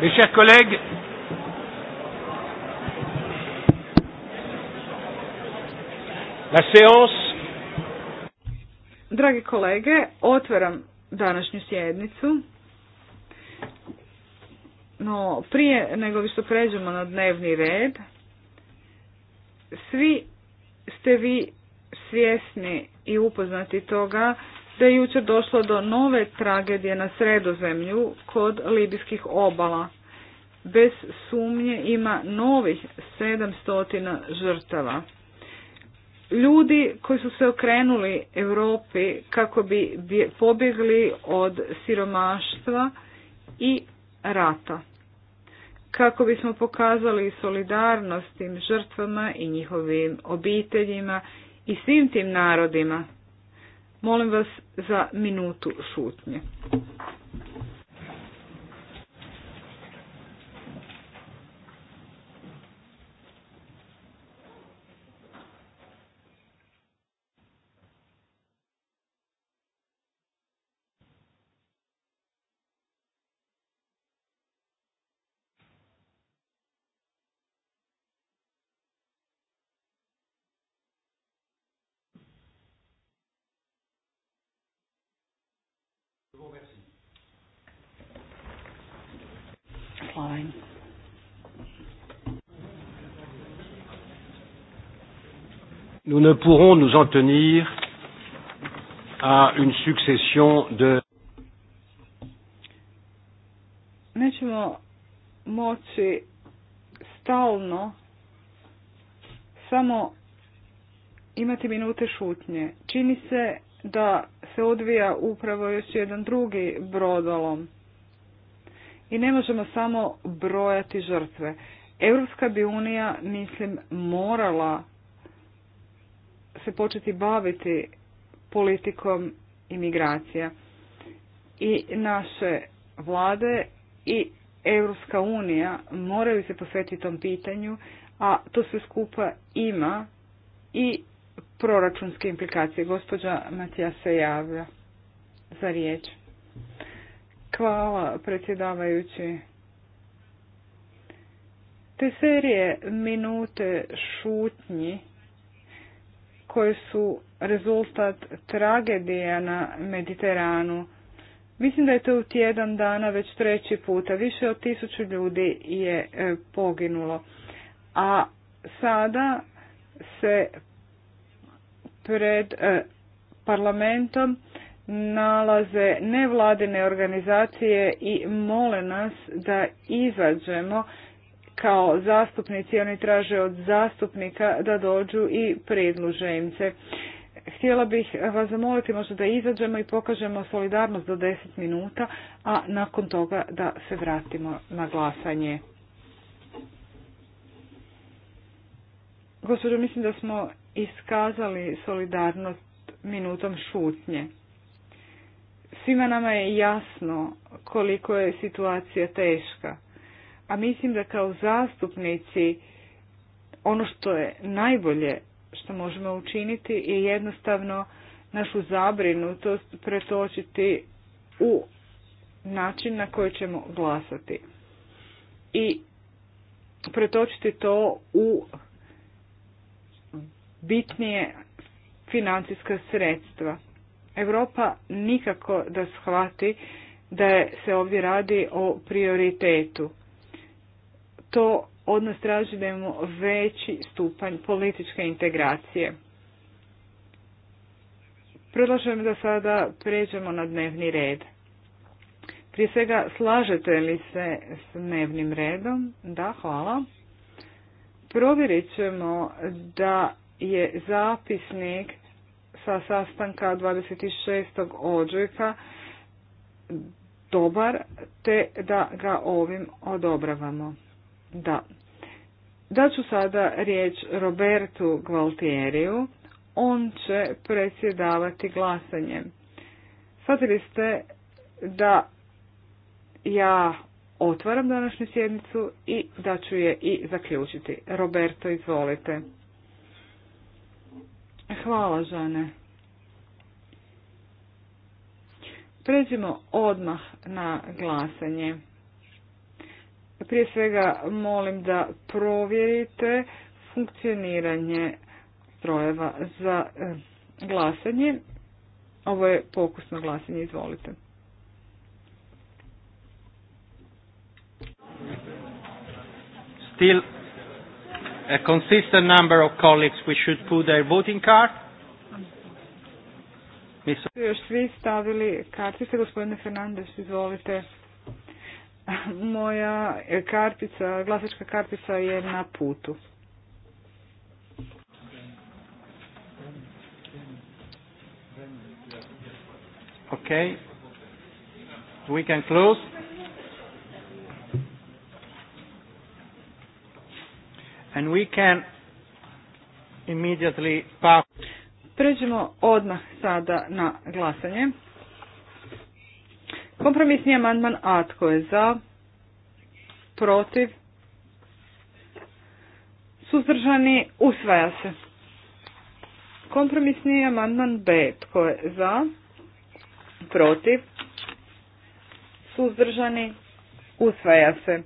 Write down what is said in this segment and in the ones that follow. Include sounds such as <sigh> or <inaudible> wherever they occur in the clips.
Mes chers collègues, la séance. Dragi kolege, otvaram današnju sjednicu. No, prije nego što pređemo na dnevni red, svi ste vi svjesni i upoznati toga da je jučer došlo do nove tragedije na sredozemlju kod libijskih obala. Bez sumnje ima novih 700 žrtava. Ljudi koji su se okrenuli Europi kako bi pobjegli od siromaštva i rata. Kako bismo pokazali solidarnost tim žrtvama i njihovim obiteljima i svim tim narodima Molim vas za minutu šutnje. nous ne pourrons nous en tenir à une succession de nećemo moći stalno samo imati minute šutnje. Čini se da se odvija upravo još jedan drugi brodolom. I ne možemo samo brojati žrtve. Europska bi unija, mislim, morala početi baviti politikom imigracija. I naše vlade i Europska unija moraju se posvetiti tom pitanju, a to sve skupa ima i proračunske implikacije. Gospođa Matija se javlja za riječ. Hvala predsjedavajući. Te serije minute šutnji koje su rezultat tragedije na Mediteranu. Mislim da je to u tjedan dana već treći puta. Više od tisuću ljudi je e, poginulo. A sada se pred e, parlamentom nalaze nevladine organizacije i mole nas da izađemo kao zastupnici, oni traže od zastupnika da dođu i predluže im se. Htjela bih vas zamoliti možda da izađemo i pokažemo solidarnost do 10 minuta, a nakon toga da se vratimo na glasanje. Gospođo, mislim da smo iskazali solidarnost minutom šutnje. Svima nama je jasno koliko je situacija teška a mislim da kao zastupnici ono što je najbolje što možemo učiniti je jednostavno našu zabrinutost pretočiti u način na koji ćemo glasati i pretočiti to u bitnije financijska sredstva. Europa nikako da shvati da se ovdje radi o prioritetu to od nas traži da imamo veći stupanj političke integracije. Predlažem da sada pređemo na dnevni red. Prije svega, slažete li se s dnevnim redom? Da, hvala. Provjerit ćemo da je zapisnik sa sastanka 26. ožujka dobar, te da ga ovim odobravamo. Da. Daću sada riječ Robertu Gvaltieriju. On će predsjedavati glasanjem. Shvatili ste da ja otvaram današnju sjednicu i da ću je i zaključiti. Roberto, izvolite. Hvala, žene. Pređimo odmah na glasanje. Prije svega molim da provjerite funkcioniranje strojeva za eh, glasanje. Ovo je pokusno glasanje, izvolite. Still a consistent number of colleagues we should put their voting card. Još svi stavili kartice, gospodine Fernandez, izvolite. Moja kartica, glasačka kartica je na putu. Okay. We can close. And we can immediately pass. Pređemo odmah sada na glasanje. Kompromisni amandman A tko je za, protiv, suzdržani, usvaja se. Kompromisni amandman B tko je za, protiv, suzdržani, usvaja se.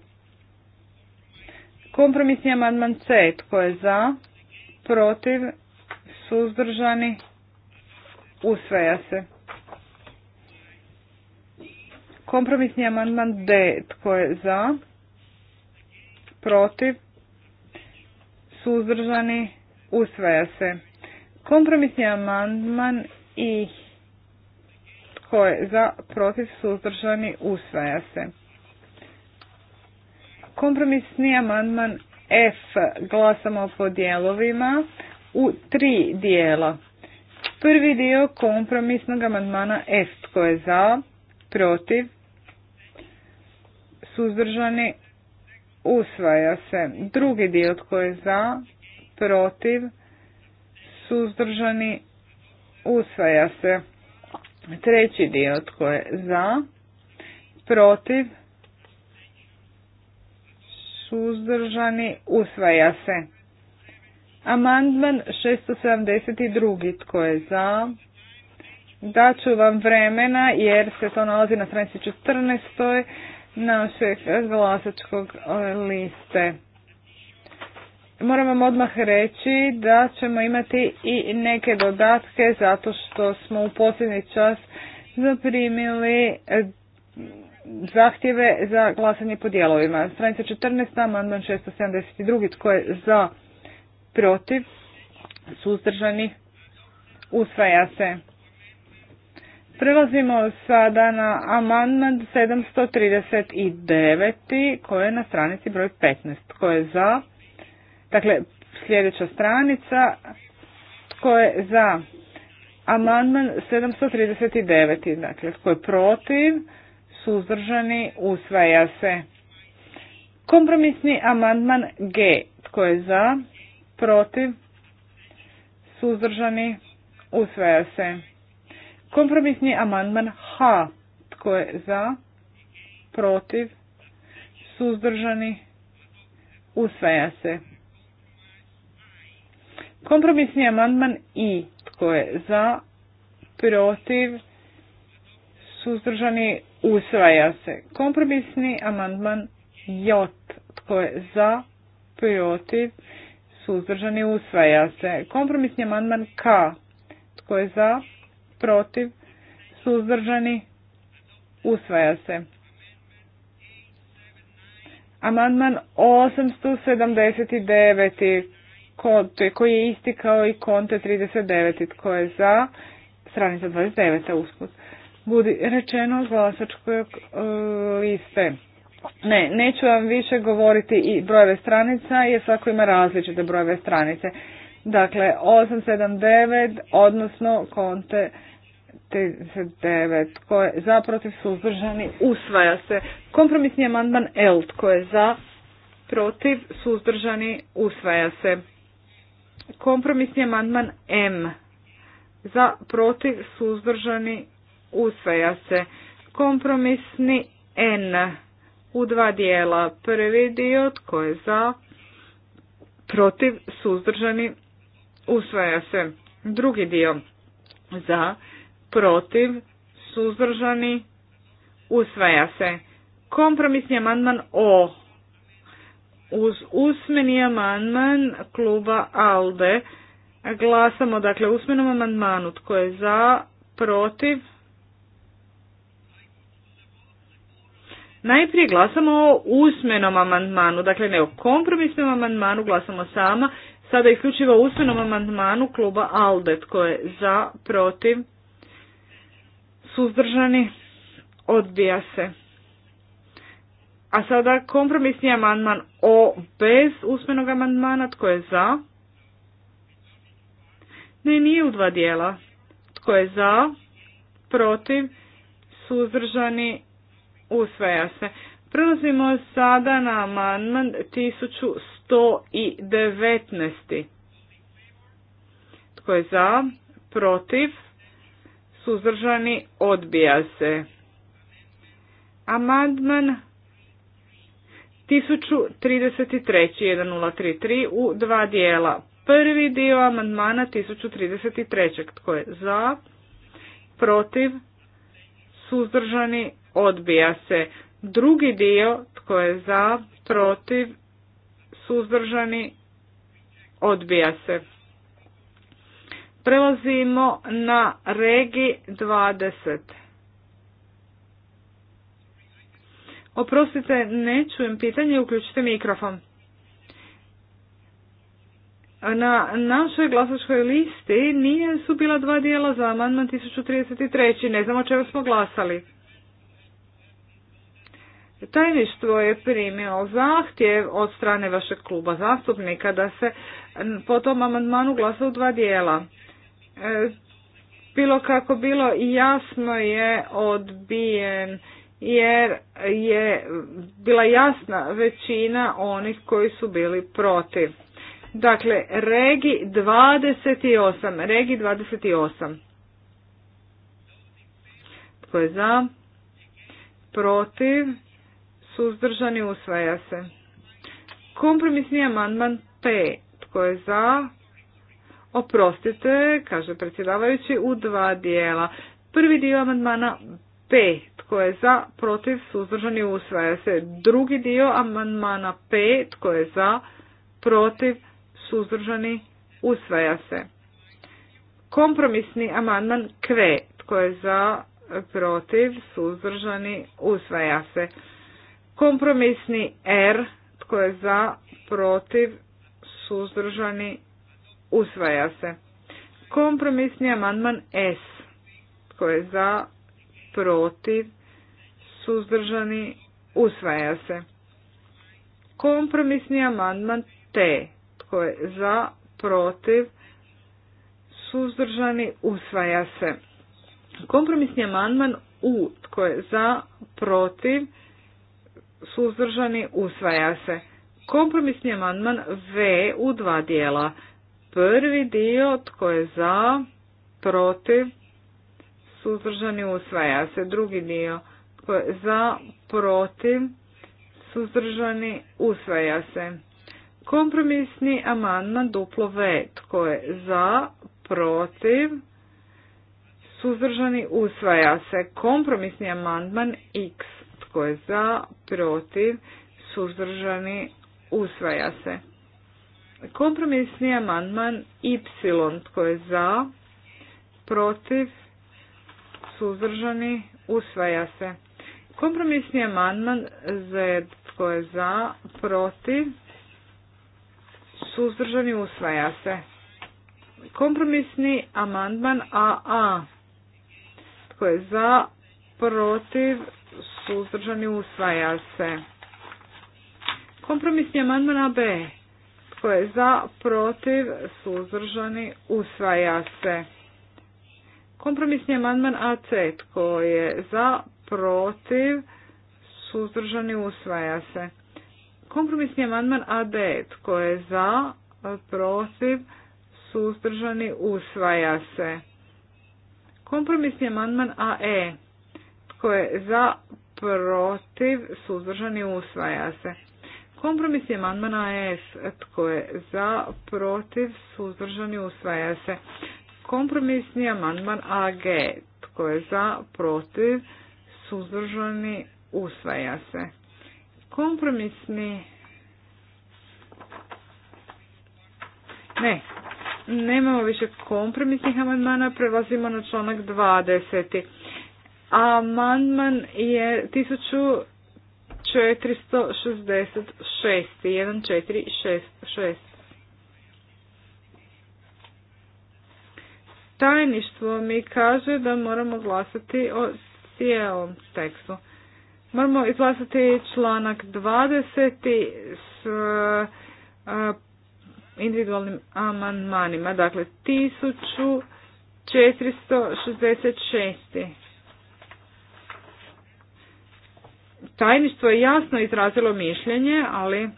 Kompromisni amandman C tko je za, protiv, suzdržani, usvaja se. Kompromisni amandman D. Tko je za? Protiv? Suzdržani? Usvaja se. Kompromisni amandman I. Tko je za? Protiv? Suzdržani? Usvaja se. Kompromisni amandman F. Glasamo po dijelovima u tri dijela. Prvi dio kompromisnog amandmana F. Tko je za? Protiv? suzdržani, usvaja se. Drugi dio tko je za, protiv, suzdržani, usvaja se. Treći dio tko je za, protiv, suzdržani, usvaja se. Amandman 672. Tko je za? Daću vam vremena jer se to nalazi na stranici 14 našeg glasačkog e, liste. Moram vam odmah reći da ćemo imati i neke dodatke zato što smo u posljednji čas zaprimili e, zahtjeve za glasanje po dijelovima. Stranica 14, amandman 672. Tko je za, protiv, suzdržani, usvaja se. Prelazimo sada na amandman 739. koji je na stranici broj 15. Tko je za? Dakle, sljedeća stranica. Tko je za? Amandman 739. Dakle, tko je protiv? Suzdržani usvaja se. Kompromisni amandman G. Tko je za? Protiv? Suzdržani usvaja se. Kompromisni amandman H. Tko je za? Protiv? Suzdržani? Usvaja se. Kompromisni amandman I. Tko je za? Protiv? Suzdržani? Usvaja se. Kompromisni amandman J. Tko je za? Protiv? Suzdržani? Usvaja se. Kompromisni amandman K. Tko je za? protiv, suzdržani, usvaja se. Amandman 879. koji je isti kao i konte 39. Tko je za? Stranica 29. usput. Budi rečeno glasačkoj e, liste. Ne, neću vam više govoriti i brojeve stranica jer svako ima različite brojeve stranice. Dakle, 879 odnosno konte 39. Tko je za, protiv, suzdržani, usvaja se. Kompromisni amandman L. Tko je za, protiv, suzdržani, usvaja se. Kompromisni amandman M. Za, protiv, suzdržani, usvaja se. Kompromisni N. U dva dijela. Prvi dio, tko je za, protiv, suzdržani, usvaja se. Drugi dio, za, protiv, suzdržani, usvaja se. Kompromisni amandman O. Uz usmeni amandman kluba ALDE glasamo dakle usmenom amandmanu tko je za, protiv. Najprije glasamo o usmenom amandmanu, dakle ne o kompromisnom amandmanu, glasamo sama, sada isključivo o usmenom amandmanu kluba ALDE, tko je za, protiv, suzdržani, odbija se. A sada kompromisni amandman o bez usmenog amandmana, tko je za? Ne, nije u dva dijela. Tko je za, protiv, suzdržani, usvaja se. Prelazimo sada na amandman 1119. Tko je za, protiv, suzdržani, odbija se. Amandman 1033, u dva dijela. Prvi dio amandmana 1033. Tko je za, protiv, suzdržani, odbija se. Drugi dio, tko je za, protiv, suzdržani, odbija se. Prelazimo na regi 20. Oprostite, ne čujem pitanje, uključite mikrofon. Na našoj glasačkoj listi nije su bila dva dijela za amandman 1033. Ne znamo o čemu smo glasali. Tajništvo je primio zahtjev od strane vašeg kluba zastupnika da se po tom amandmanu glasa u dva dijela. E, bilo kako bilo jasno je odbijen jer je bila jasna većina onih koji su bili protiv. Dakle, regi 28, regi 28. Tko je za? Protiv? Suzdržani usvaja se. Kompromisni amandman P. Tko je za? Oprostite, kaže predsjedavajući, u dva dijela. Prvi dio amandmana P, tko je za, protiv, suzdržani, usvaja se. Drugi dio amandmana P, tko je za, protiv, suzdržani, usvaja se. Kompromisni amandman K, tko je za, protiv, suzdržani, usvaja se. Kompromisni R, tko je za, protiv, suzdržani, Usvaja se. Kompromisni amandman S. Tko je za, protiv, suzdržani, usvaja se. Kompromisni amandman T. Tko je za, protiv, suzdržani, usvaja se. Kompromisni amandman U. Tko je za, protiv, suzdržani, usvaja se. Kompromisni amandman V u dva dijela. Prvi dio tko je za, protiv, suzdržani usvaja se. Drugi dio tko je za, protiv, suzdržani usvaja se. Kompromisni amandman duplo V. Tko je za, protiv, suzdržani usvaja se. Kompromisni amandman X. Tko je za, protiv, suzdržani usvaja se. Kompromisni amandman Y tko je za, protiv, suzdržani, usvaja se. Kompromisni amandman Z tko je za, protiv, suzdržani, usvaja se. Kompromisni amandman AA tko je za, protiv, suzdržani, usvaja se. Kompromisni amandman AB tko je za, protiv, suzdržani, usvaja se. Kompromisni amandman AC. Tko je za, protiv, suzdržani, usvaja se. Kompromisni amandman AD. Tko je za, protiv, suzdržani, usvaja se. Kompromisni amandman AE. Tko je za, protiv, suzdržani, usvaja se. Kompromis je amandman AF. Tko je za, protiv, suzdržani, usvaja se. Kompromisni amandman AG. Tko je za, protiv, suzdržani, usvaja se. Kompromisni... Ne, nemamo više kompromisnih amandmana, prelazimo na članak 20. Amandman je 1000... 466. 1466. Tajništvo mi kaže da moramo glasati o cijelom tekstu. Moramo izglasati članak 20 s individualnim amandmanima, dakle 1466. tajništvo je jasno izrazilo mišljenje, ali...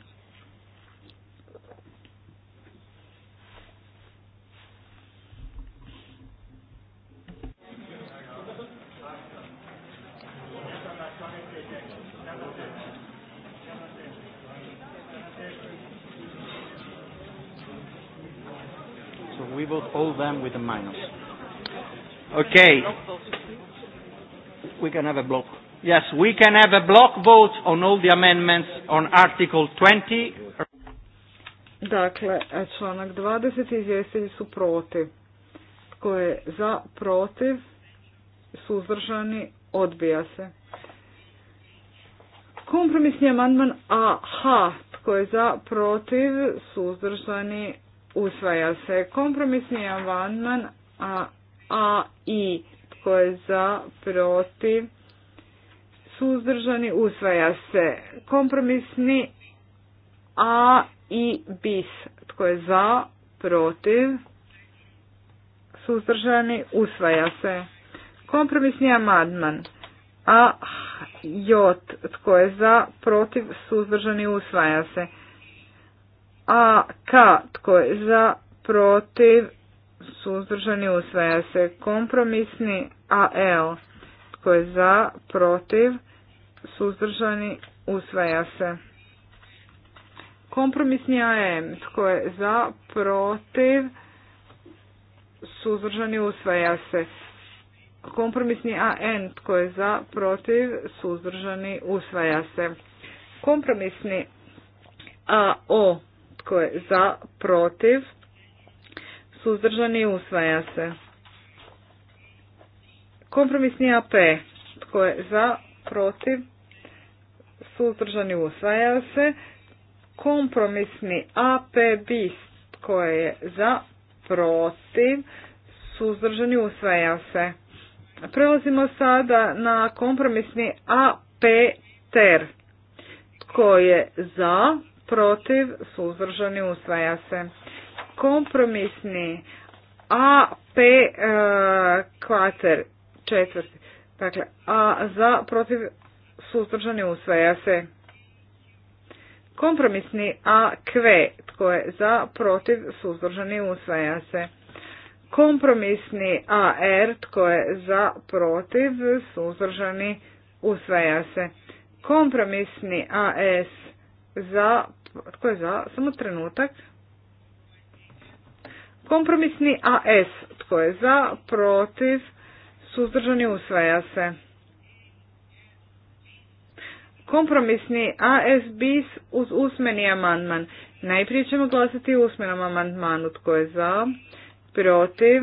we will hold them with a minus. Okay. We can have a block. Yes, we can have a block vote on all the amendments on Article 20. Dakle, članak 20 izvjestitelji su protiv. Tko je za, protiv, suzdržani, odbija se. Kompromisni amandman AH. Tko je za, protiv, suzdržani, usvaja se. Kompromisni amandman A, A i. Tko je za, protiv, suzdržani, usvaja se kompromisni A i bis. Tko je za, protiv, suzdržani, usvaja se. Kompromisni amadman. A, j, tko je za, protiv, suzdržani, usvaja se. A, k, tko je za, protiv, suzdržani, usvaja se. Kompromisni A, l, tko je za, protiv, suzdržani, usvaja se. Kompromisni AM, tko je za, protiv, suzdržani, usvaja se. Kompromisni AN, tko je za, protiv, suzdržani, usvaja se. Kompromisni AO, tko je za, protiv, suzdržani, usvaja se. Kompromisni AP, tko je za, protiv, suzdržani usvaja se. Kompromisni AP bis koje je za protiv suzdržani usvaja se. Prelazimo sada na kompromisni AP ter koji je za protiv suzdržani usvaja se. Kompromisni AP p e, kvater četvrti. Dakle, a za protiv suzdržani usvaja se. Kompromisni AQ, tko je za, protiv, suzdržani usvaja se. Kompromisni AR, tko je za, protiv, suzdržani usvaja se. Kompromisni AS, za, tko je za, samo trenutak. Kompromisni AS, tko je za, protiv, suzdržani usvaja se. Kompromisni AS bis uz usmeni amandman. Najprije ćemo glasati u usmenom amandmanu. Tko je za? Protiv?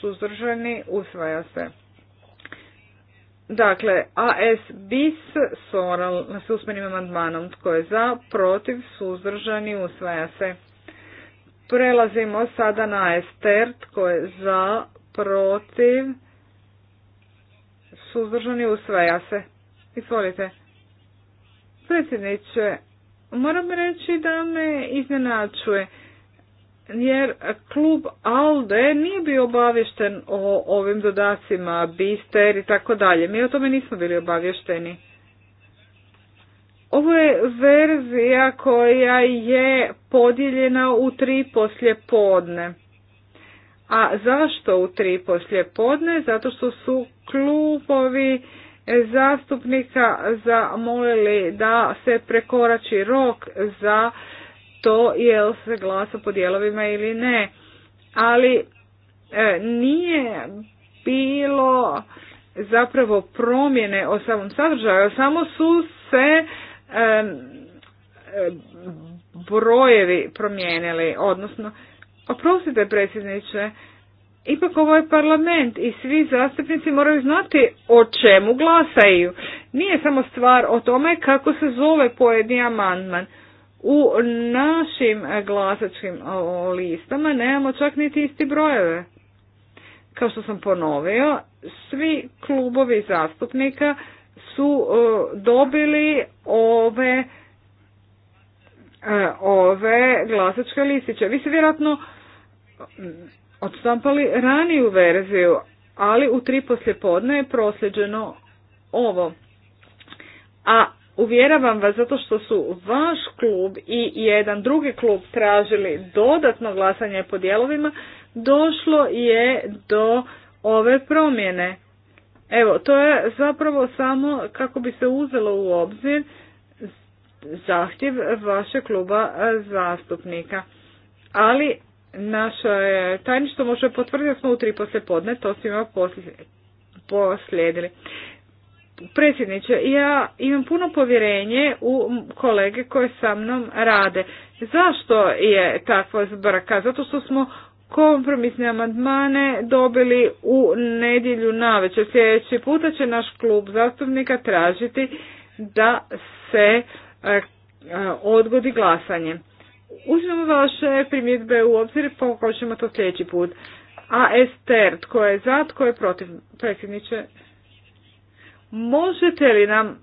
Suzdržani? Usvaja se. Dakle, AS bis s, s usmenim amandmanom. Tko je za? Protiv? Suzdržani? Usvaja se. Prelazimo sada na ASTER. Tko je za? Protiv? Suzdržani? Usvaja se. Izvolite. Predsjedniče, moram reći da me iznenačuje jer klub ALDE nije bio obavješten o ovim dodacima, bister i tako dalje. Mi o tome nismo bili obavješteni. Ovo je verzija koja je podijeljena u tri poslje podne. A zašto u tri poslje podne? Zato što su klubovi zastupnika zamolili da se prekorači rok za to je se glasa po dijelovima ili ne. Ali e, nije bilo zapravo promjene o samom sadržaju, samo su se e, e, brojevi promijenili, odnosno, oprostite predsjedniče, ipak ovo ovaj je parlament i svi zastupnici moraju znati o čemu glasaju. Nije samo stvar o tome kako se zove pojedini amandman. U našim glasačkim listama nemamo čak niti isti brojeve. Kao što sam ponovio, svi klubovi zastupnika su dobili ove e, ove glasačke listiće. Vi se vjerojatno odstampali raniju verziju, ali u tri poslijepodne je prosljeđeno ovo. A uvjeravam vas zato što su vaš klub i jedan drugi klub tražili dodatno glasanje po dijelovima, došlo je do ove promjene. Evo, to je zapravo samo kako bi se uzelo u obzir zahtjev vaše kluba zastupnika. Ali naše tajništvo može potvrditi da smo u tri poslije podne, to svima poslijedili. Predsjedniče, ja imam puno povjerenje u kolege koje sa mnom rade. Zašto je takva zbrka? Zato što smo kompromisne amandmane dobili u nedjelju navečer. Sljedeći puta će naš klub zastupnika tražiti da se e, e, odgodi glasanje. Uzmemo vaše primjedbe u obzir, pokušamo to sljedeći put. A Ester, tko je za, tko je protiv, predsjedniče? Možete li nam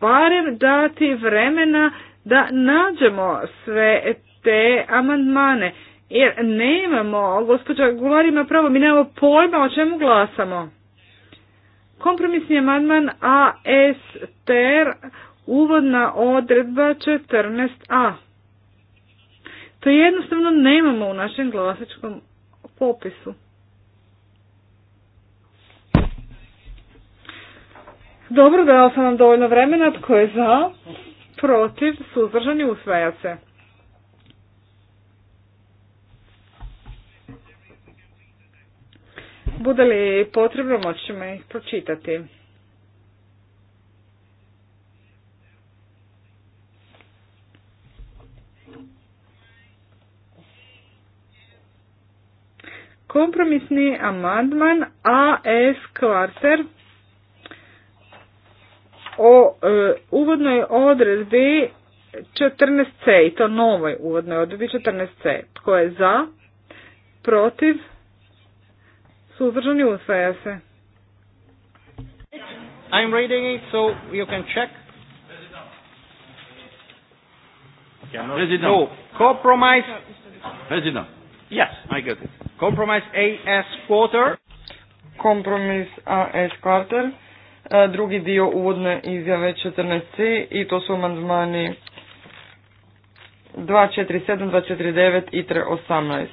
barem dati vremena da nađemo sve te amandmane? Jer nemamo, gospođa Gular ima pravo, mi nemamo pojma o čemu glasamo. Kompromisni amandman ASTR, uvodna odredba 14a. To jednostavno nemamo u našem glasačkom popisu. Dobro, dao sam vam dovoljno vremena. Tko je za? Protiv? Suzdržani? Usvaja se. Bude li potrebno, moćemo ih pročitati. Kompromisni amandman AS kvarter o e, uvodnoj odredbi 14c i to novoj uvodnoj odredbi 14c. Tko je za? Protiv? Suzdržani usvaja se. I'm reading it so you can check. President. No, compromise. President. Yes, I got it. Compromise AS quarter. Kompromis AS quarter. E, drugi dio uvodne izjave 14c i to su amandmani 247, 249 i 318.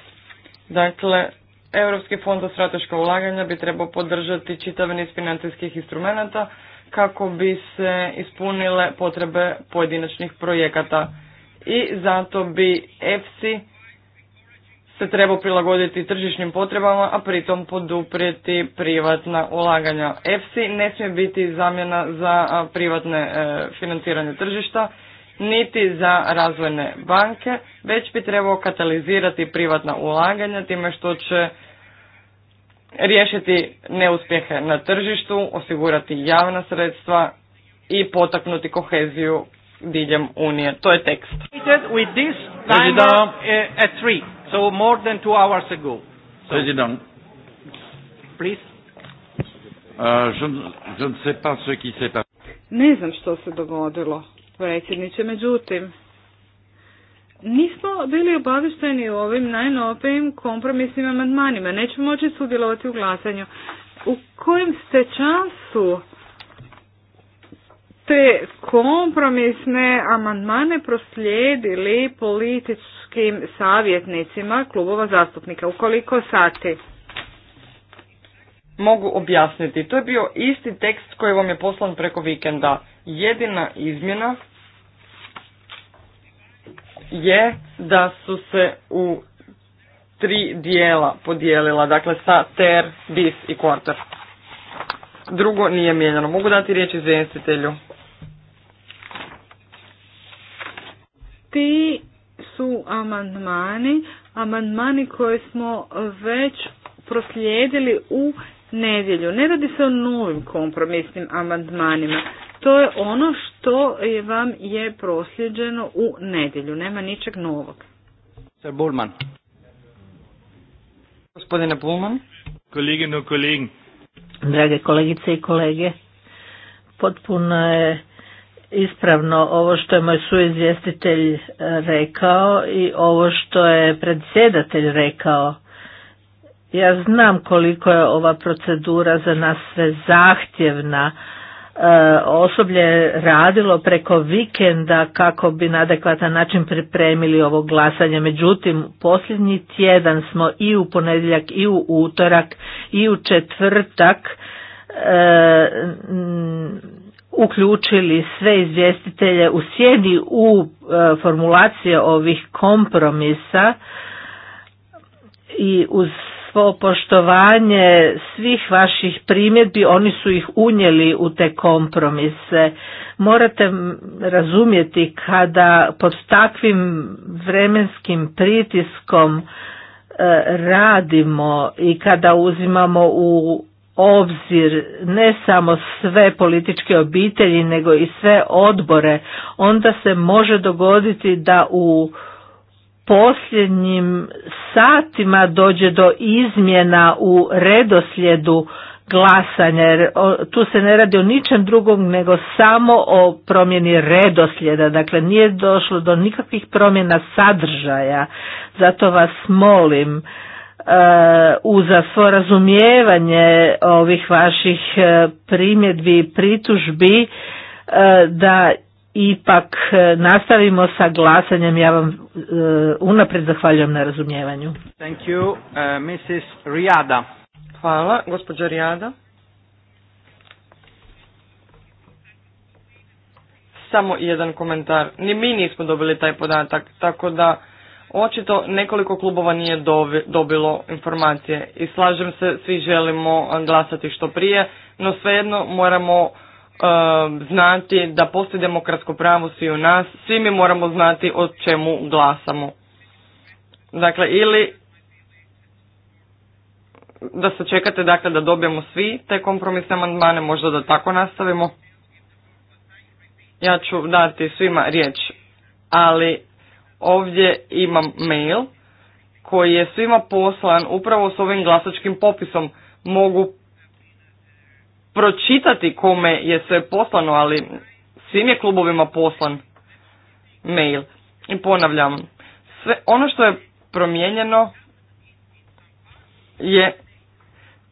Dakle, Europski fond za strateška ulaganja bi trebao podržati čitav niz financijskih instrumenata kako bi se ispunile potrebe pojedinačnih projekata. I zato bi EFSI se treba prilagoditi tržišnim potrebama, a pritom poduprijeti privatna ulaganja. EFSI ne smije biti zamjena za privatne e, financiranje tržišta, niti za razvojne banke, već bi trebao katalizirati privatna ulaganja time što će riješiti neuspjehe na tržištu, osigurati javna sredstva i potaknuti koheziju diljem Unije. To je tekst. So more than two hours ago. Please. ne znam što se dogodilo, predsjedniče, međutim, nismo bili obavišteni o ovim najnovijim kompromisnim amandmanima. Nećemo moći sudjelovati u glasanju. U kojem ste času te kompromisne amandmane proslijedili političko Tim savjetnicima klubova zastupnika. Ukoliko sati? Mogu objasniti. To je bio isti tekst koji vam je poslan preko vikenda. Jedina izmjena je da su se u tri dijela podijelila, dakle sa ter, bis i quarter Drugo nije mijenjano. Mogu dati riječ izvjestitelju. Ti su amandmani, amandmani koje smo već proslijedili u nedjelju. Ne radi se o novim kompromisnim amandmanima. To je ono što je vam je proslijeđeno u nedjelju. Nema ničeg novog. Sir Bulman. Gospodine Bulman. Kolegino, kolegin. Drage kolegice i kolege, potpuno je ispravno ovo što je moj suizvjestitelj rekao i ovo što je predsjedatelj rekao. Ja znam koliko je ova procedura za nas sve zahtjevna. E, osoblje radilo preko vikenda kako bi na adekvatan način pripremili ovo glasanje. Međutim, posljednji tjedan smo i u ponedjeljak i u utorak i u četvrtak e, uključili sve izvjestitelje u sjedi u e, formulacije ovih kompromisa i uz svo poštovanje svih vaših primjedbi, oni su ih unijeli u te kompromise. Morate razumjeti kada pod takvim vremenskim pritiskom e, radimo i kada uzimamo u obzir ne samo sve političke obitelji nego i sve odbore, onda se može dogoditi da u posljednjim satima dođe do izmjena u redoslijedu glasanja jer tu se ne radi o ničem drugom nego samo o promjeni redoslijeda dakle nije došlo do nikakvih promjena sadržaja zato vas molim Uh, uza svo razumijevanje ovih vaših uh, primjedbi i pritužbi uh, da ipak nastavimo sa glasanjem. Ja vam unaprijed zahvaljujem na razumijevanju. Thank you, Mrs. Riada Hvala, gospođa Riada Samo jedan komentar. Ni mi nismo dobili taj podatak, tako da Očito nekoliko klubova nije dobilo informacije i slažem se, svi želimo glasati što prije, no svejedno moramo e, znati da postoji demokratsko pravo svi u nas, svi mi moramo znati o čemu glasamo. Dakle, ili da se čekate dakle, da dobijemo svi te kompromisne amandmane, možda da tako nastavimo. Ja ću dati svima riječ, ali Ovdje imam mail koji je svima poslan upravo s ovim glasačkim popisom. Mogu pročitati kome je sve poslano, ali svim je klubovima poslan mail. I ponavljam, sve ono što je promijenjeno je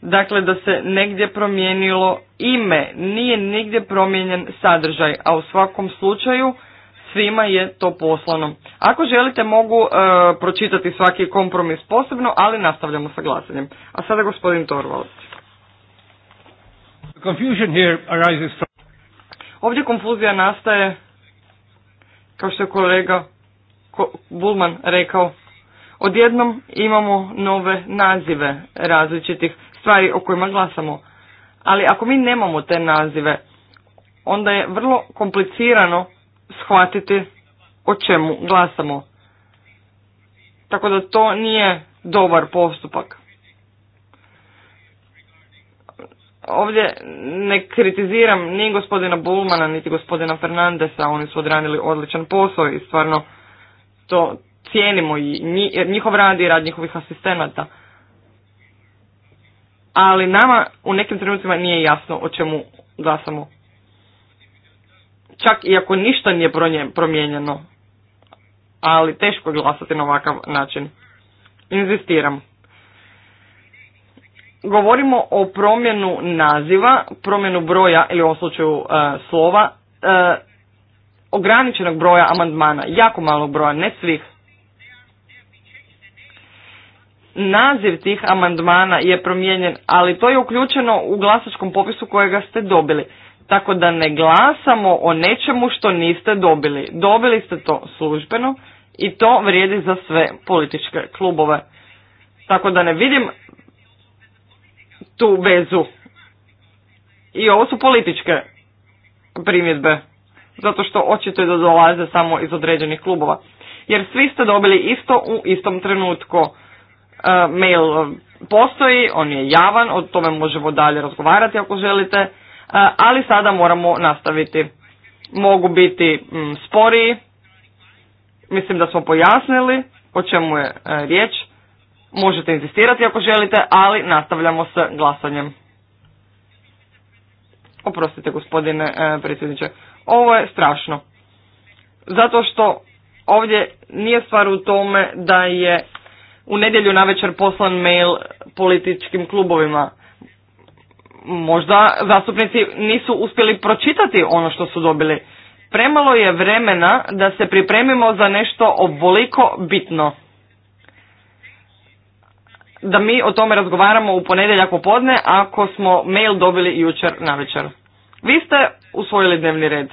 dakle da se negdje promijenilo ime, nije nigdje promijenjen sadržaj, a u svakom slučaju svima je to poslano. Ako želite mogu e, pročitati svaki kompromis posebno, ali nastavljamo sa glasanjem. A sada gospodin Torvald. Ovdje konfuzija nastaje, kao što je kolega Bulman rekao, odjednom imamo nove nazive različitih stvari o kojima glasamo. Ali ako mi nemamo te nazive, onda je vrlo komplicirano shvatiti o čemu glasamo. Tako da to nije dobar postupak. Ovdje ne kritiziram ni gospodina Bulmana, niti gospodina Fernandesa, oni su odranili odličan posao i stvarno to cijenimo i njihov rad i rad njihovih asistenata. Ali nama u nekim trenucima nije jasno o čemu glasamo čak i ako ništa nije promijenjeno, ali teško je glasati na ovakav način. Inzistiram. Govorimo o promjenu naziva, promjenu broja ili u slučaju e, slova, e, ograničenog broja amandmana, jako malog broja, ne svih. Naziv tih amandmana je promijenjen, ali to je uključeno u glasačkom popisu kojega ste dobili. Tako da ne glasamo o nečemu što niste dobili. Dobili ste to službeno i to vrijedi za sve političke klubove. Tako da ne vidim tu vezu. I ovo su političke primjedbe. Zato što očito je da dolaze samo iz određenih klubova. Jer svi ste dobili isto u istom trenutku. E, mail postoji, on je javan, o tome možemo dalje razgovarati ako želite ali sada moramo nastaviti. Mogu biti mm, sporiji, mislim da smo pojasnili o čemu je e, riječ. Možete inzistirati ako želite, ali nastavljamo s glasanjem. Oprostite gospodine e, predsjedniče, ovo je strašno. Zato što ovdje nije stvar u tome da je u nedjelju navečer poslan mail političkim klubovima možda zastupnici nisu uspjeli pročitati ono što su dobili. Premalo je vremena da se pripremimo za nešto ovoliko bitno. Da mi o tome razgovaramo u ponedjeljak popodne ako smo mail dobili jučer navečer. Vi ste usvojili dnevni red.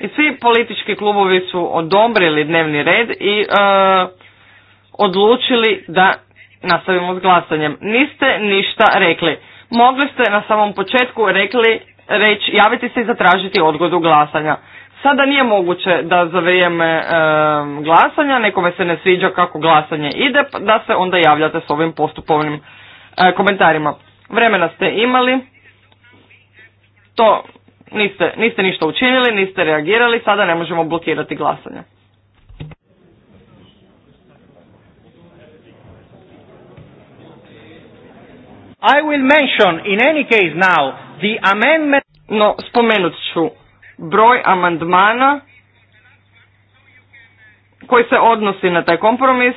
I svi politički klubovi su odobrili dnevni red i e, odlučili da Nastavimo s glasanjem. Niste ništa rekli. Mogli ste na samom početku rekli, reći, javiti se i zatražiti odgodu glasanja. Sada nije moguće da za vrijeme glasanja nekome se ne sviđa kako glasanje ide, pa da se onda javljate s ovim postupovnim e, komentarima. Vremena ste imali, to niste, niste ništa učinili, niste reagirali, sada ne možemo blokirati glasanje. I will mention in any case now the amendment... No, spomenut ću broj amandmana koji se odnosi na taj kompromis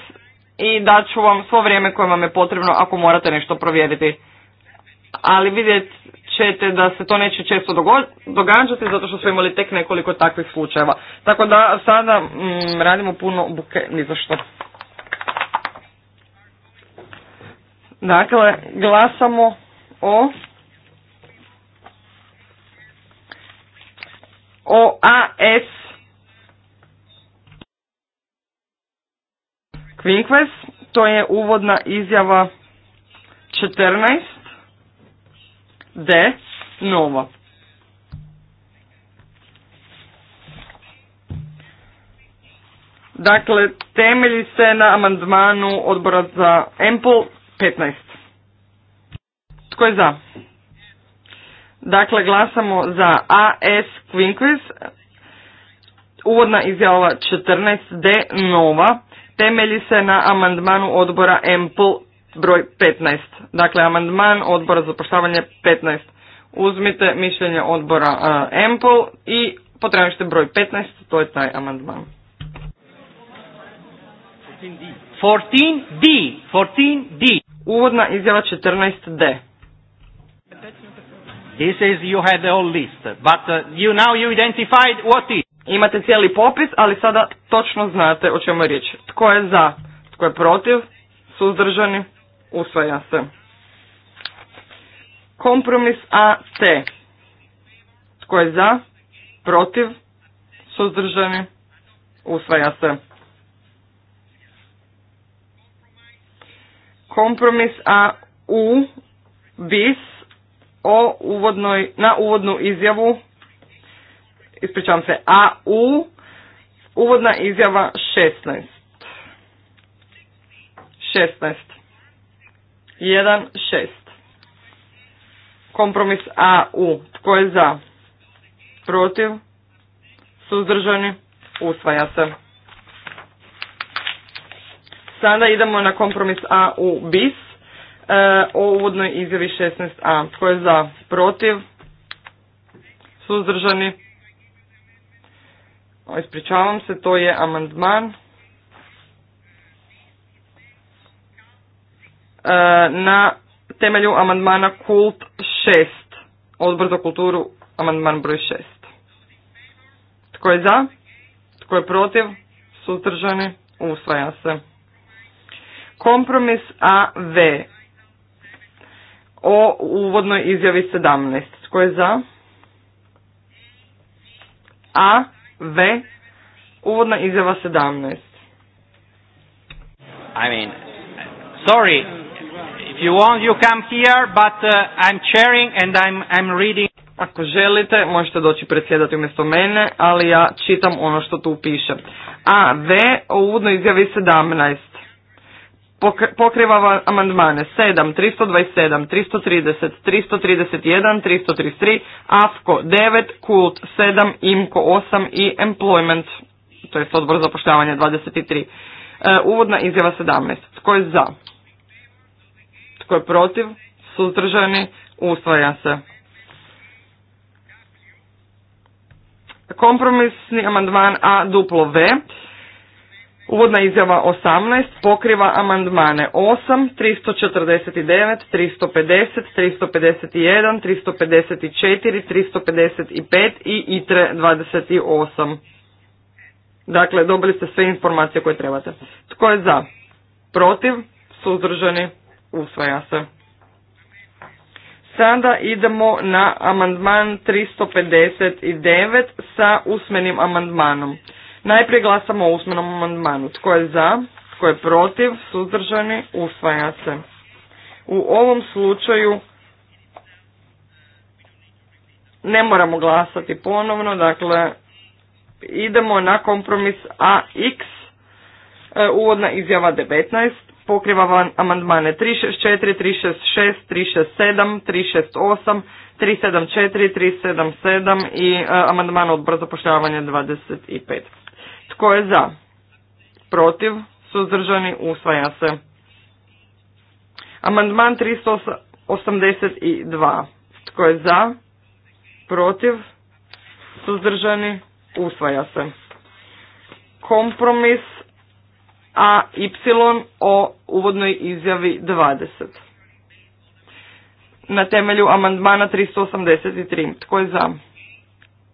i daću vam svo vrijeme koje vam je potrebno ako morate nešto provjeriti. Ali vidjet ćete da se to neće često događati zato što smo imali tek nekoliko takvih slučajeva. Tako da sada mm, radimo puno buke ni za što. Dakle, glasamo o o AS Quinkves, to je uvodna izjava 14 D nova. Dakle, temelji se na amandmanu odbora za Empol 15. Tko je za? Dakle, glasamo za AS Quinquiz, uvodna izjava 14D nova, temelji se na amandmanu odbora EMPL broj 15. Dakle, amandman odbora za poštavanje 15. Uzmite mišljenje odbora EMPL i potražite broj 15, to je taj amandman. 14D. 14D. 14D. Uvodna izjava 14d. This is you had the whole list, but uh, you now you identified what is. Imate cijeli popis, ali sada točno znate o čemu je riječ. Tko je za, tko je protiv, suzdržani, usvaja se. Kompromis AT. Tko je za, protiv, suzdržani, usvaja se. kompromis A u bis o uvodnoj, na uvodnu izjavu, ispričavam se, A u uvodna izjava 16. 16. 1, 6. Kompromis A u. Tko je za? Protiv? Suzdržani? Usvaja se. Sada idemo na kompromis A u BIS e, o uvodnoj izjavi 16A. Tko je za? Protiv? Suzdržani? Ispričavam se, to je amandman. E, na temelju amandmana Kult 6. Odbor za kulturu, amandman broj 6. Tko je za? Tko je protiv? Suzdržani? Usvaja se. Kompromis AV o uvodnoj izjavi 17. Tko je za? A, V, uvodna izjava 17. I mean, sorry, if you want you come here, but uh, I'm chairing and I'm, I'm reading. Ako želite, možete doći predsjedati umjesto mene, ali ja čitam ono što tu piše. A, V, uvodna izjava 17 pokriva amandmane 7, 327, 330, 331, 333, AFKO 9, KULT 7, IMKO 8 i Employment, to je odbor za opoštavanje 23. E, uvodna izjava 17. Tko je za? Tko je protiv? Suzdržani? Usvaja se. Kompromisni amandman A duplo V Uvodna izjava 18 pokriva amandmane 8, 349, 350, 351, 354, 355 i ITRE 28. Dakle, dobili ste sve informacije koje trebate. Tko je za? Protiv? Suzdržani? Usvaja se. Sada idemo na amandman 359 sa usmenim amandmanom. Najprije glasamo o usmenom amandmanu. Tko je za? Tko je protiv? Suzdržani? Usvaja se. U ovom slučaju ne moramo glasati ponovno, dakle idemo na kompromis AX, e, uvodna izjava 19, pokriva van amandmane 364, 366, 367, 368, 374, 377 i e, amandman odbora zapošljavanja 25. Tko je za? Protiv? Suzdržani? Usvaja se. Amandman 382. Tko je za? Protiv? Suzdržani? Usvaja se. Kompromis A, Y o uvodnoj izjavi 20. Na temelju amandmana 383. Tko je za?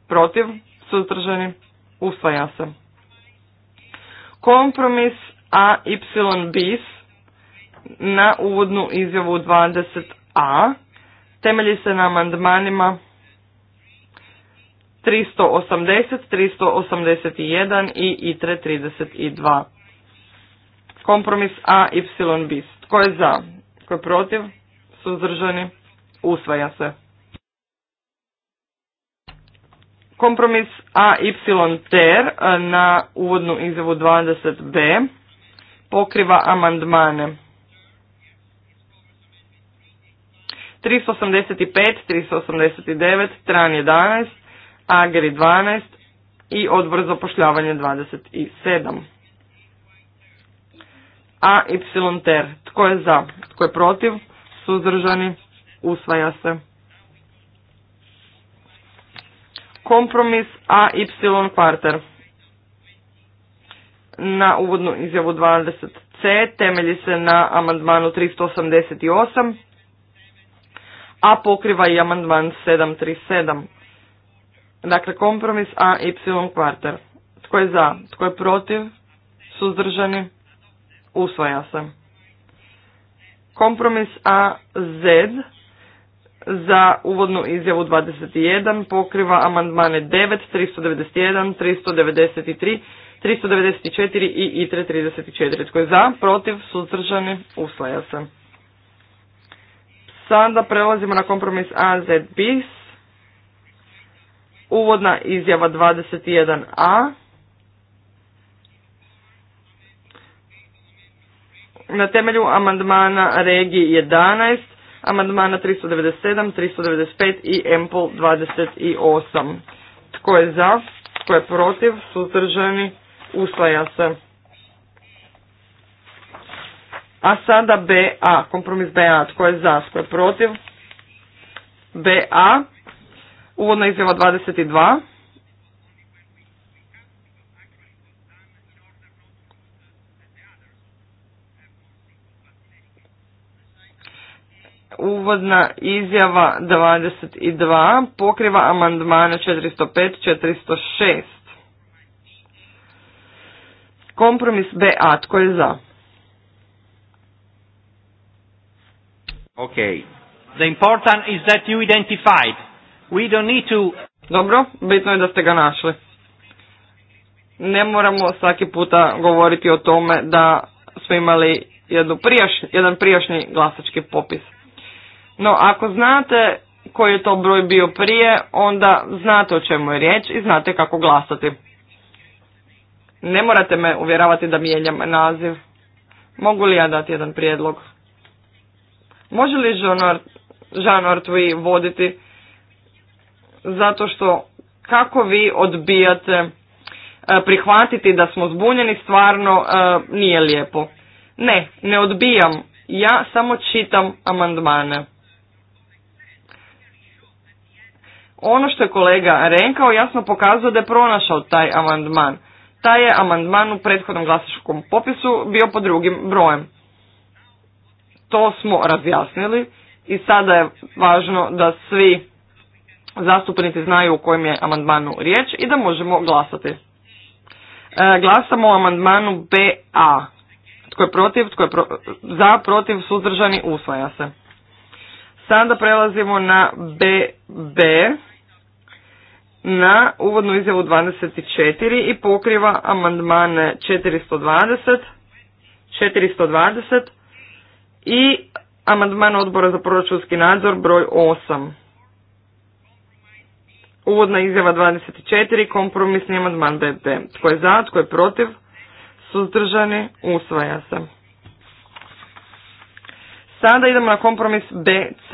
Protiv? Suzdržani? Usvaja se. Kompromis A, Y, bis na uvodnu izjavu 20a temelji se na amandmanima 380, 381 i ITRE 32. Kompromis A, Y, bis. Tko je za? Tko je protiv? Suzdržani? Usvaja se. Kompromis AYTR eh, na uvodnu izjavu 20b pokriva amandmane 385, 389, stran 11, Ageri 12 i Odbor za pošljavanje 27. AYTR. Tko je za? Tko je protiv? Suzdržani? Usvaja se. Kompromis AY kvarter Na uvodnu izjavu 20c temelji se na amandmanu 388, a pokriva i amandman 737. Dakle, kompromis A AY kvarter. Tko je za? Tko je protiv? Suzdržani? Usvaja se. Kompromis A Z za uvodnu izjavu 21 pokriva amandmane 9, 391, 393, 394 i ITRE 34. Tko je za, protiv, suzdržani, uslaja se. Sada prelazimo na kompromis AZ bis. Uvodna izjava 21a. Na temelju amandmana regiji 11, amandmana 397, 395 i Empol 28. Tko je za? Tko je protiv? Suzdržani? Uslaja se. A sada BA, kompromis BA, tko je za, tko je protiv? BA, uvodna izjava 22, uvodna izjava 22 pokriva amandmane 405, 406. Kompromis BA, tko je za? Okay. The important is that you identified. We don't need to... Dobro, bitno je da ste ga našli. Ne moramo svaki puta govoriti o tome da smo imali jedan prijašnji glasački popis. No, ako znate koji je to broj bio prije, onda znate o čemu je riječ i znate kako glasati. Ne morate me uvjeravati da mijenjam naziv. Mogu li ja dati jedan prijedlog? Može li Jean Artui voditi zato što kako vi odbijate e, prihvatiti da smo zbunjeni stvarno e, nije lijepo. Ne, ne odbijam. Ja samo čitam amandmane. Ono što je kolega Renkao jasno pokazuje da je pronašao taj amandman. Taj je amandman u prethodnom glasačkom popisu bio pod drugim brojem. To smo razjasnili i sada je važno da svi zastupnici znaju o kojem je amandmanu riječ i da možemo glasati. E, glasamo o amandmanu BA. Tko je protiv, tko je za, protiv, suzdržani, usvaja se. Sada prelazimo na BB na uvodnu izjavu 24 i pokriva amandmane 420, 420 i amandman odbora za proračunski nadzor broj 8. Uvodna izjava 24, kompromisni amandman BP. Tko je za, tko je protiv, suzdržani, usvaja se. Sada idemo na kompromis BC.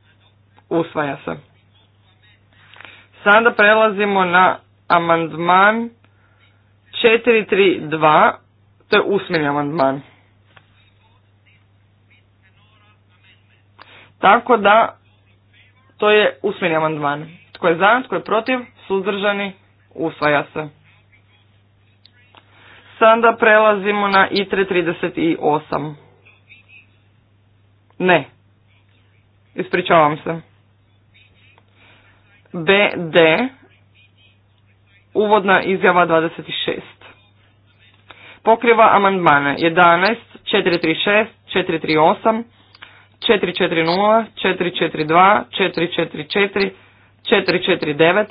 Usvaja se. Sada prelazimo na amandman 432. To je usmeni amandman. Tako da, to je usmeni amandman. Tko je za, tko je protiv, suzdržani, usvaja se. Sada prelazimo na i 38. Ne. Ispričavam se. BD, uvodna izjava 26. Pokriva amandmane 11, 436, 438, 440, 442, 444, 449,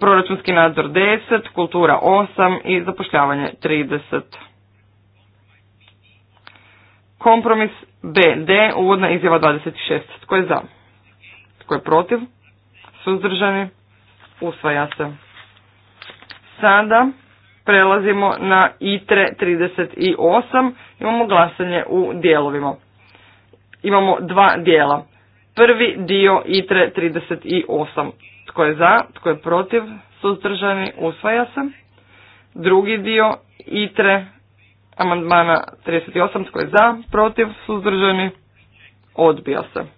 proračunski nadzor 10, kultura 8 i zapošljavanje 30. Kompromis BD, uvodna izjava 26. Tko je za? Tko je protiv? suzdržani, usvaja se. Sada prelazimo na ITRE 38, imamo glasanje u dijelovima. Imamo dva dijela. Prvi dio ITRE 38, tko je za, tko je protiv, suzdržani, usvaja se. Drugi dio ITRE amandmana 38, tko je za, protiv, suzdržani, odbija se.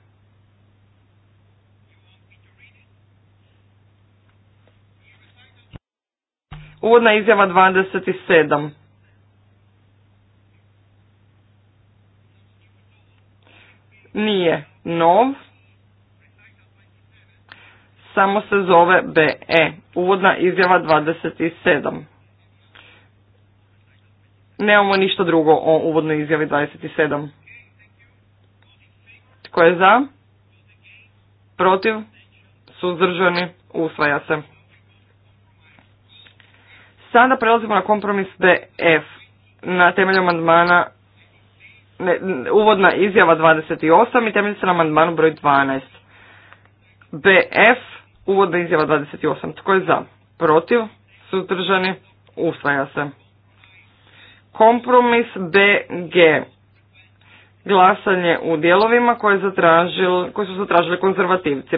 Uvodna izjava 27. Nije nov, samo se zove BE. Uvodna izjava 27. Nemamo ništa drugo o uvodnoj izjavi 27. Tko je za? Protiv? Suzdržani? Usvaja se. Sada prelazimo na kompromis DF na temelju amandmana uvodna izjava 28 i temelji se na amandmanu broj 12. BF uvodna izjava 28. Tko je za? Protiv? sutržani, Usvaja se. Kompromis BG. Glasanje u dijelovima koje, koje su zatražili konzervativci.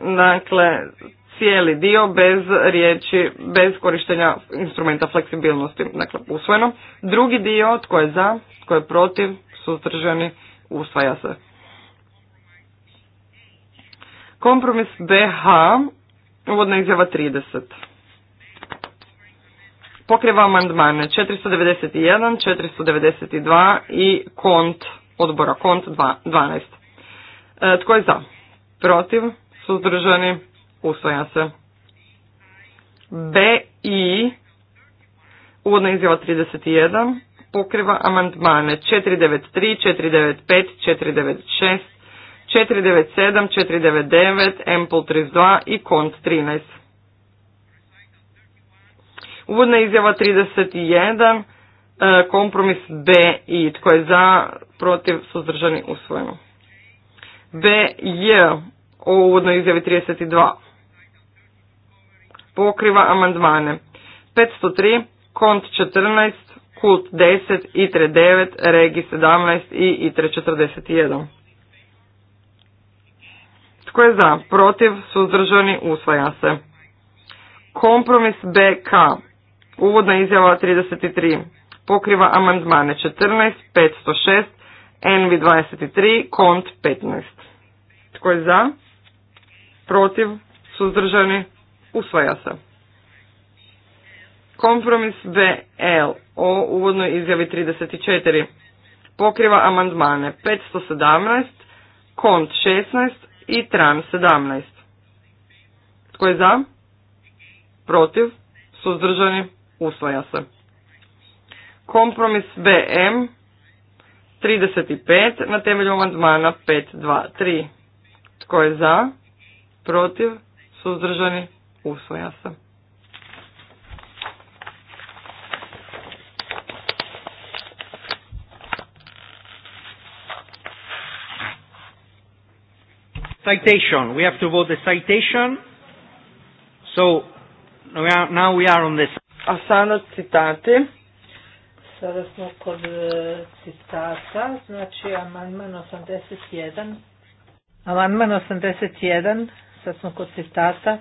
dakle cijeli dio bez riječi, bez korištenja instrumenta fleksibilnosti, dakle usvojeno. Drugi dio, tko je za, tko je protiv, suzdržani, usvaja se. Kompromis BH, uvodna izjava 30. Pokriva amandmane 491, 492 i kont odbora kont 12. E, tko je za? Protiv? suzdržani, usvaja se. B i uvodna izjava 31 pokriva amandmane 493, 495, 496, 497, 499, MPL 32 i KONT 13. Uvodna izjava 31, e, kompromis B i tko je za, protiv, suzdržani, usvojeno. B, o uvodnoj izjavi 32 pokriva amandmane 503, kont 14, kult 10, itre 9, regi 17 i itre 41. Tko je za? Protiv? Suzdržani? Usvaja se. Kompromis BK. Uvodna izjava 33. Pokriva amandmane 14, 506, NV 23, kont 15. Tko je za? protiv, suzdržani, usvaja se. Kompromis BL o uvodnoj izjavi 34 pokriva amandmane 517, KONT 16 i TRAN 17. Tko je za? Protiv? Suzdržani? Usvaja se. Kompromis BM 35 na temelju amandmana 523. Tko je za? protiv, suzdržani, usvoja se. Citation. We have to vote the citation. So we are, now we are on this. A sada citati. Sada smo kod e, citata, znači amandman 81. Amandman 81. Sad smo kod citata.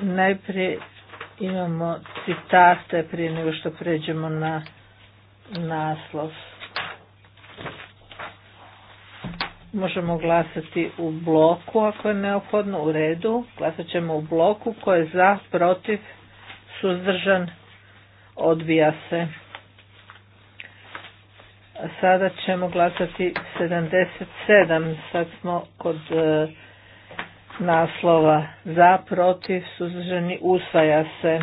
Najprije imamo citate prije nego što pređemo na naslov. Možemo glasati u bloku ako je neophodno, u redu. Glasat ćemo u bloku koje je za, protiv, suzdržan, odvija se. Sada ćemo glasati 77. Sad smo kod e, naslova za, protiv, suzdržani, usvaja se.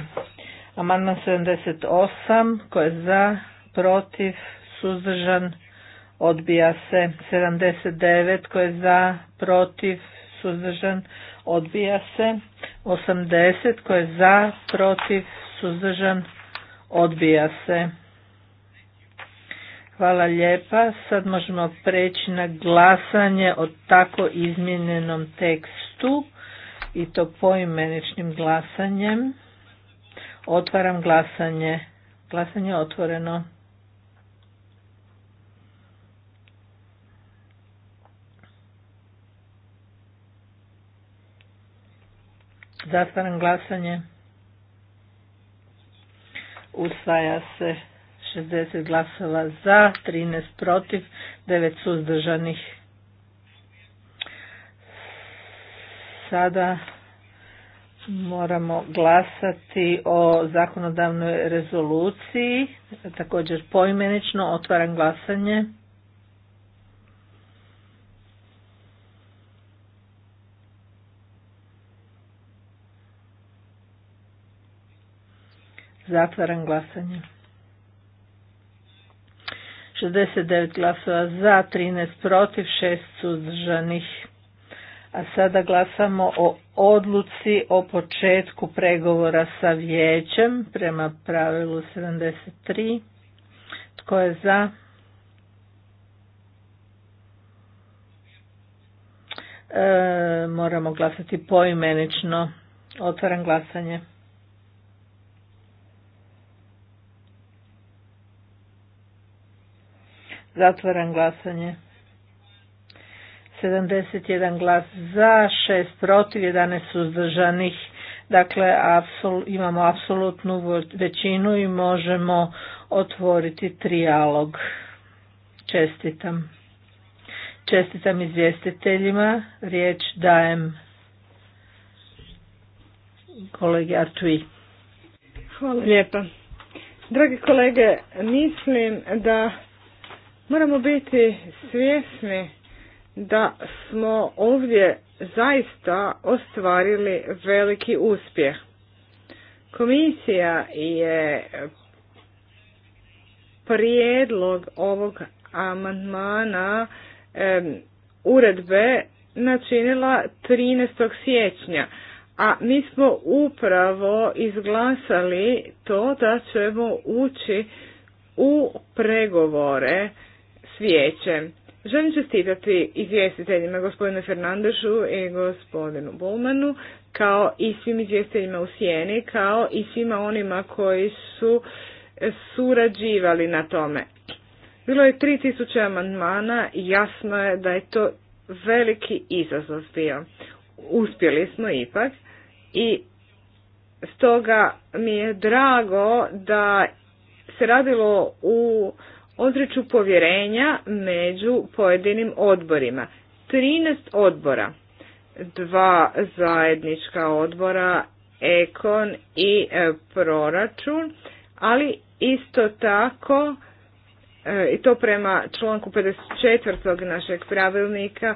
Amandman 78. Ko je za, protiv, suzdržan, odbija se. 79. Ko je za, protiv, suzdržan, odbija se. 80. Ko je za, protiv, suzdržan, odbija se. Hvala lijepa. Sad možemo preći na glasanje o tako izmijenjenom tekstu i to poimeničnim glasanjem. Otvaram glasanje. Glasanje je otvoreno. Zatvaram glasanje. Usvaja se. 60 glasova za, 13 protiv, 9 suzdržanih. Sada moramo glasati o zakonodavnoj rezoluciji, također poimenično otvaram glasanje. Zatvaram glasanje. 69 glasova za, 13 protiv, 6 suzdržanih. A sada glasamo o odluci o početku pregovora sa vijećem prema pravilu 73. Tko je za? E, moramo glasati poimenično. Otvaram glasanje. Zatvaram glasanje. 71 glas za, 6 protiv, 11 suzdržanih. Dakle, apsol, imamo apsolutnu većinu i možemo otvoriti trijalog. Čestitam. Čestitam izvjestiteljima. Riječ dajem kolegi Artui. Hvala lijepa. Dragi kolege, mislim da Moramo biti svjesni da smo ovdje zaista ostvarili veliki uspjeh. Komisija je prijedlog ovog amandmana uredbe načinila 13. siječnja, a mi smo upravo izglasali to da ćemo ući u pregovore vijeće Želim čestitati izvjestiteljima gospodinu Fernandešu i gospodinu Bulmanu, kao i svim izvjestiteljima u Sijeni, kao i svima onima koji su surađivali na tome. Bilo je 3000 amandmana i jasno je da je to veliki izazov bio. Uspjeli smo ipak i stoga mi je drago da se radilo u odreću povjerenja među pojedinim odborima. 13 odbora, dva zajednička odbora, ekon i e, proračun, ali isto tako e, i to prema članku 54. našeg pravilnika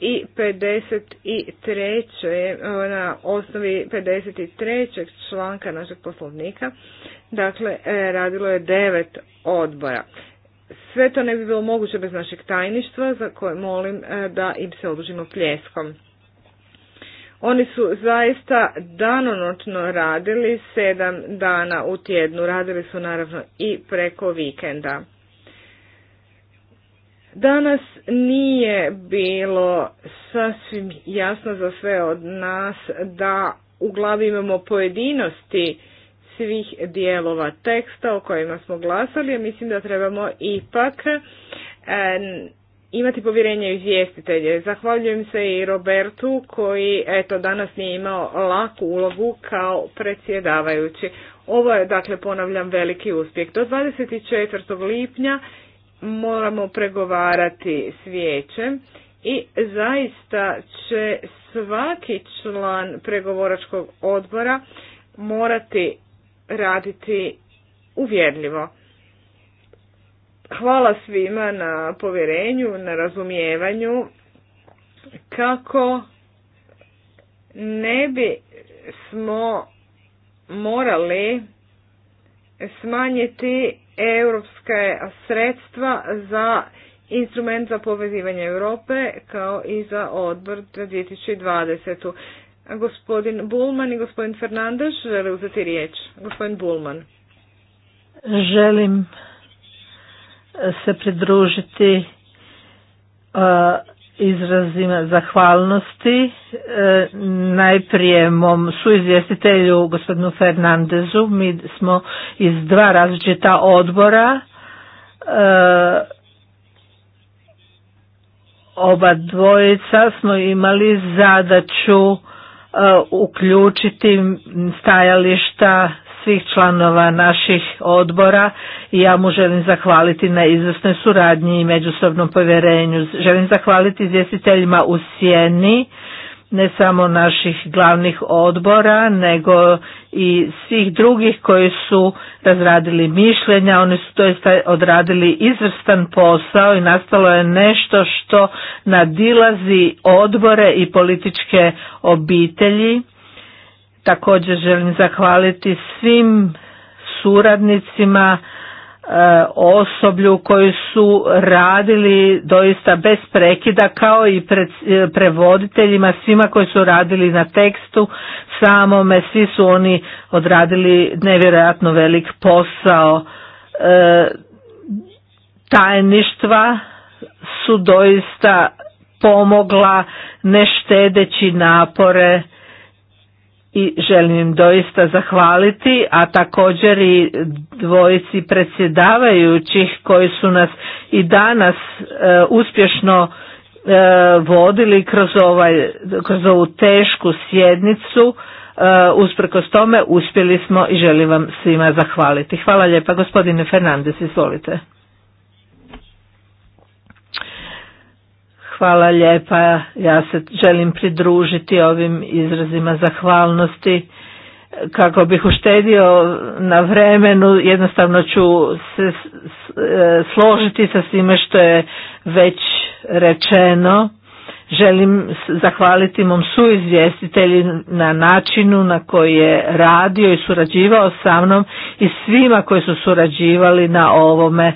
i 53. na osnovi 53. članka našeg poslovnika. Dakle, e, radilo je devet odbora. Sve to ne bi bilo moguće bez našeg tajništva za koje molim e, da im se odužimo pljeskom. Oni su zaista danonoćno radili sedam dana u tjednu. Radili su naravno i preko vikenda. Danas nije bilo sasvim jasno za sve od nas da u glavi imamo pojedinosti svih dijelova teksta o kojima smo glasali. a Mislim da trebamo ipak e, imati povjerenje izvjestitelje. Zahvaljujem se i Robertu koji eto danas nije imao laku ulogu kao predsjedavajući. Ovo je, dakle, ponavljam, veliki uspjeh. Do 24. lipnja moramo pregovarati s vijećem i zaista će svaki član pregovoračkog odbora morati raditi uvjerljivo. Hvala svima na povjerenju, na razumijevanju kako ne bi smo morali smanjiti europske sredstva za instrument za povezivanje Europe kao i za odbor 2020. Gospodin Bulman i gospodin Fernandez žele uzeti riječ. Gospodin Bulman. Želim se pridružiti izrazima zahvalnosti e, najprije mom suizvjestitelju gospodinu Fernandezu mi smo iz dva različita odbora e, oba dvojica smo imali zadaću e, uključiti stajališta svih članova naših odbora i ja mu želim zahvaliti na izvrsnoj suradnji i međusobnom povjerenju. Želim zahvaliti izvjestiteljima u Sjeni, ne samo naših glavnih odbora, nego i svih drugih koji su razradili mišljenja, oni su doista odradili izvrstan posao i nastalo je nešto što nadilazi odbore i političke obitelji Također želim zahvaliti svim suradnicima, e, osoblju koji su radili doista bez prekida kao i e, prevoditeljima, svima koji su radili na tekstu samome, svi su oni odradili nevjerojatno velik posao e, tajništva su doista pomogla ne štedeći napore i želim im doista zahvaliti, a također i dvojici predsjedavajućih koji su nas i danas e, uspješno e, vodili kroz, ovaj, kroz ovu tešku sjednicu. E, usprkos tome uspjeli smo i želim vam svima zahvaliti. Hvala lijepa gospodine Fernandez, izvolite. Hvala lijepa. Ja se želim pridružiti ovim izrazima zahvalnosti. Kako bih uštedio na vremenu, jednostavno ću se e, složiti sa svime što je već rečeno. Želim zahvaliti mom suizvjestitelji na načinu na koji je radio i surađivao sa mnom i svima koji su surađivali na ovome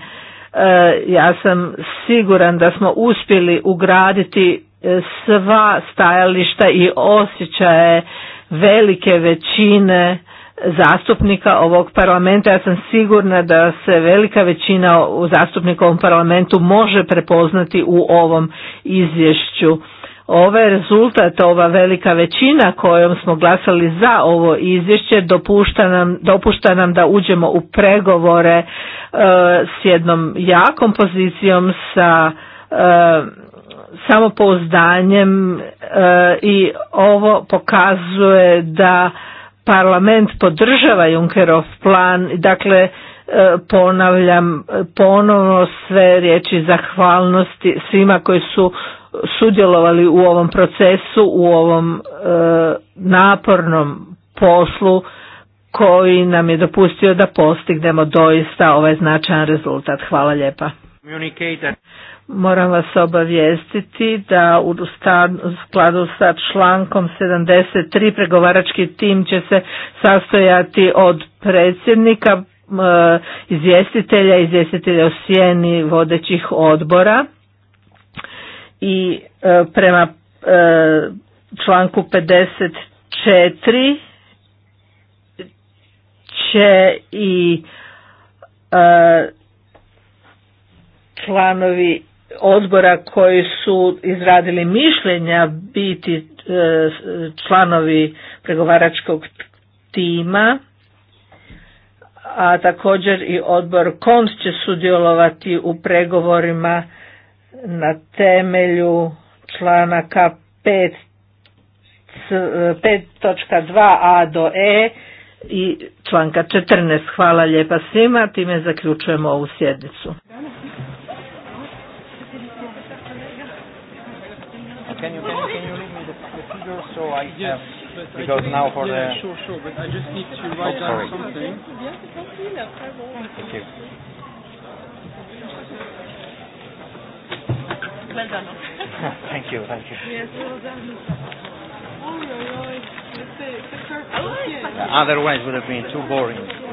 E, ja sam siguran da smo uspjeli ugraditi e, sva stajališta i osjećaje velike većine zastupnika ovog parlamenta. Ja sam sigurna da se velika većina zastupnika u ovom parlamentu može prepoznati u ovom izvješću ovaj rezultat, ova velika većina kojom smo glasali za ovo izvješće dopušta nam, dopušta nam da uđemo u pregovore e, s jednom jakom pozicijom sa e, samopouzdanjem e, i ovo pokazuje da parlament podržava Junkerov plan, dakle e, ponavljam ponovno sve riječi zahvalnosti svima koji su sudjelovali u ovom procesu, u ovom e, napornom poslu koji nam je dopustio da postignemo doista ovaj značajan rezultat. Hvala lijepa. Moram vas obavijestiti da u skladu sa člankom 73 pregovarački tim će se sastojati od predsjednika, e, izvjestitelja, izvjestitelja o sjeni vodećih odbora i e, prema e, članku 54 će i e, članovi odbora koji su izradili mišljenja biti članovi pregovaračkog tima a također i odbor KOMS će sudjelovati u pregovorima na temelju članaka 5.2a do e i članka 14. Hvala lijepa svima, time zaključujemo ovu sjednicu. Can you, can you, can you leave me the, the figure so I have, yes, because I now for yeah, the... Sure, sure, but I just need to oh, write oh, down sorry. something. Thank you. Well <laughs> done. thank you, thank you. would have been too boring.